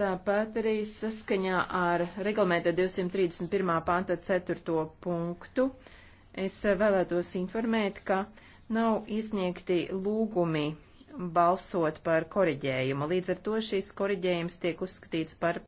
Tāpat arī saskaņā ar reglamenta 231. panta 4. punktu es vēlētos informēt, ka nav iesniegti lūgumi balsot par koriģējumu. Līdz ar to šis koriģējums tiek uzskatīts par